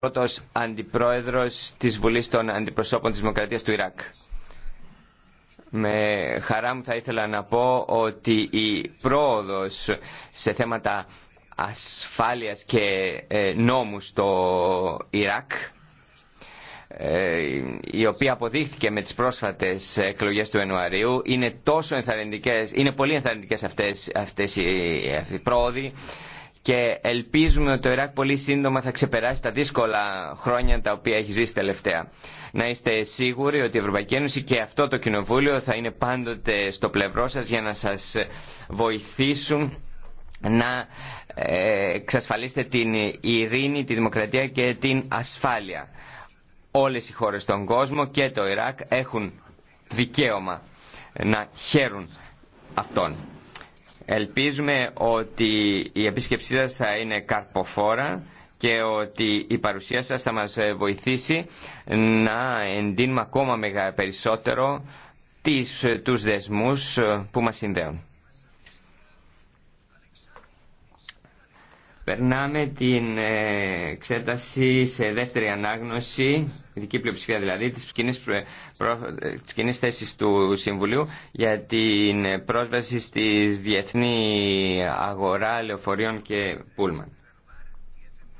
πρώτος αντιπρόεδρος της Βουλής των Αντιπροσώπων της Δημοκρατίας του Ιράκ. Με χαρά μου θα ήθελα να πω ότι η πρόοδος σε θέματα ασφάλειας και ε, νόμου στο Ιράκ ε, η οποία αποδείχθηκε με τις πρόσφατες εκλογές του Ιανουαρίου είναι τόσο ενθαρρυντικές, είναι πολύ ενθαρρυντικές αυτές, αυτές οι πρόοδοι και ελπίζουμε ότι το Ιράκ πολύ σύντομα θα ξεπεράσει τα δύσκολα χρόνια τα οποία έχει ζήσει τελευταία. Να είστε σίγουροι ότι η Ευρωπαϊκή Ένωση και αυτό το Κοινοβούλιο θα είναι πάντοτε στο πλευρό σας για να σας βοηθήσουν να ε, εξασφαλίσετε την ειρήνη, τη δημοκρατία και την ασφάλεια. Όλες οι χώρες στον κόσμο και το Ιράκ έχουν δικαίωμα να χαίρουν αυτόν. Ελπίζουμε ότι η επίσκεψή σας θα είναι καρποφόρα και ότι η παρουσία σας θα μας ε, βοηθήσει να εντείνουμε ακόμα περισσότερο τις, ε, τους δεσμούς ε, που μας συνδέουν. Περνάμε την ε, εξέταση σε δεύτερη ανάγνωση, ειδική πλειοψηφία δηλαδή, της κοινής, προ... της του Συμβουλίου για την πρόσβαση στη διεθνή αγορά λεωφορείων και πούλμαν.